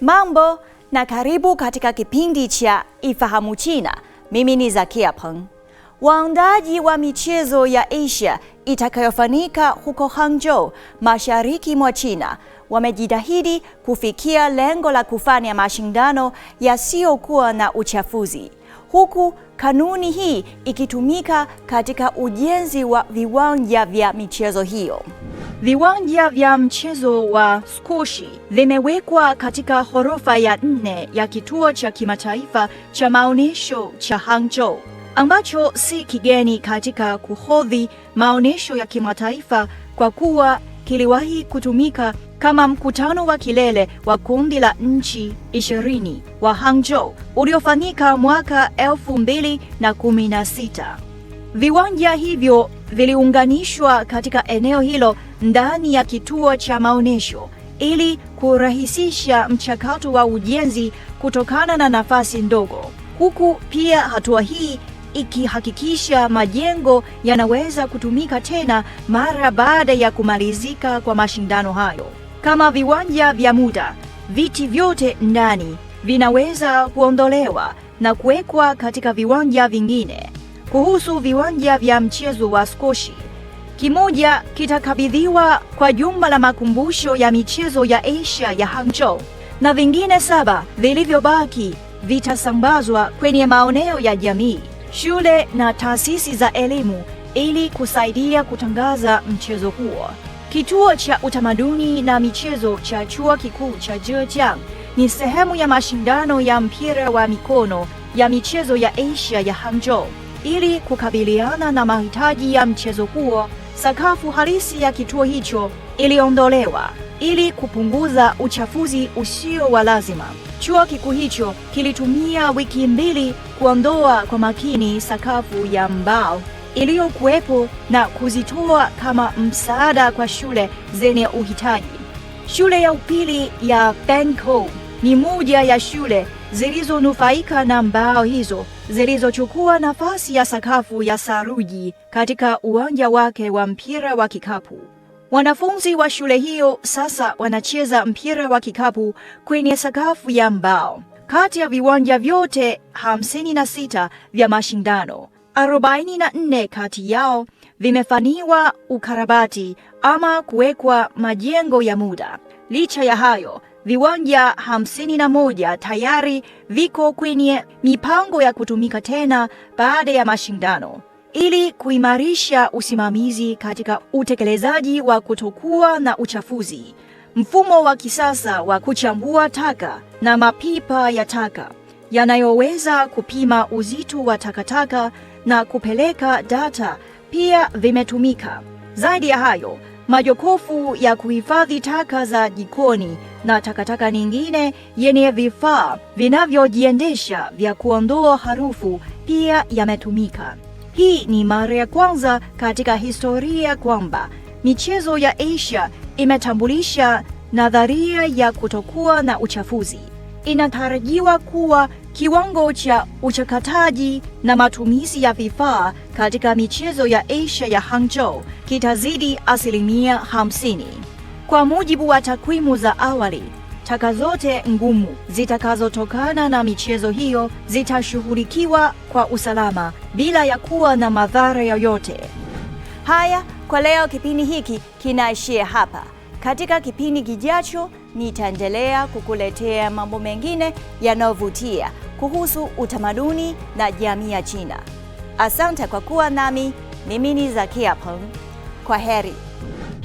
Mambo na karibu katika kipindi cha Ifahamu China. Mimi ni Zakia Peng. Waandaji wa michezo ya Asia itakayofanyika huko Hangzhou, mashariki mwa China, wamejitahidi kufikia lengo la kufanya mashindano yasiyokuwa na uchafuzi, huku kanuni hii ikitumika katika ujenzi wa viwanja vya michezo hiyo. Viwanja vya mchezo wa skushi vimewekwa katika ghorofa ya nne ya kituo cha kimataifa cha maonyesho cha Hangzhou ambacho si kigeni katika kuhodhi maonyesho ya kimataifa kwa kuwa kiliwahi kutumika kama mkutano wa kilele wa kundi la nchi ishirini wa Hangzhou uliofanyika mwaka elfu mbili na kumi na sita. Viwanja hivyo viliunganishwa katika eneo hilo ndani ya kituo cha maonyesho ili kurahisisha mchakato wa ujenzi kutokana na nafasi ndogo, huku pia hatua hii ikihakikisha majengo yanaweza kutumika tena mara baada ya kumalizika kwa mashindano hayo. Kama viwanja vya muda, viti vyote ndani vinaweza kuondolewa na kuwekwa katika viwanja vingine kuhusu viwanja vya mchezo wa skoshi. Kimoja kitakabidhiwa kwa jumba la makumbusho ya michezo ya Asia ya Hangzhou na vingine saba vilivyobaki vitasambazwa kwenye maeneo ya jamii, shule na taasisi za elimu ili kusaidia kutangaza mchezo huo. Kituo cha utamaduni na michezo cha chuo kikuu cha Zhejiang ni sehemu ya mashindano ya mpira wa mikono ya michezo ya Asia ya Hangzhou. Ili kukabiliana na mahitaji ya mchezo huo, sakafu halisi ya kituo hicho iliondolewa ili kupunguza uchafuzi usio wa lazima. Chuo kikuu hicho kilitumia wiki mbili kuondoa kwa makini sakafu ya mbao iliyokuwepo na kuzitoa kama msaada kwa shule zenye uhitaji. Shule ya upili ya Bangkok ni moja ya shule zilizonufaika na mbao hizo zilizochukua nafasi ya sakafu ya saruji katika uwanja wake wa mpira wa kikapu. Wanafunzi wa shule hiyo sasa wanacheza mpira wa kikapu kwenye sakafu ya mbao. Kati ya viwanja vyote 56 vya mashindano, 44 kati yao vimefanyiwa ukarabati ama kuwekwa majengo ya muda. Licha ya hayo, Viwanja 51 tayari viko kwenye mipango ya kutumika tena baada ya mashindano ili kuimarisha usimamizi katika utekelezaji wa kutokuwa na uchafuzi, mfumo wa kisasa wa kuchambua taka na mapipa ya taka yanayoweza kupima uzito wa takataka na kupeleka data pia vimetumika. Zaidi ya hayo, majokofu ya kuhifadhi taka za jikoni na takataka nyingine yenye vifaa vinavyojiendesha vya kuondoa harufu pia yametumika. Hii ni mara ya kwanza katika historia kwamba michezo ya Asia imetambulisha nadharia ya kutokuwa na uchafuzi. Inatarajiwa kuwa kiwango cha uchakataji na matumizi ya vifaa katika michezo ya Asia ya Hangzhou kitazidi asilimia 50. Kwa mujibu wa takwimu za awali, taka zote ngumu zitakazotokana na michezo hiyo zitashughulikiwa kwa usalama bila ya kuwa na madhara yoyote. Haya, kwa leo kipindi hiki kinaishia hapa. Katika kipindi kijacho nitaendelea kukuletea mambo mengine yanayovutia kuhusu utamaduni na jamii ya China. Asante kwa kuwa nami. Mimi ni Zakia Peng. Kwa heri.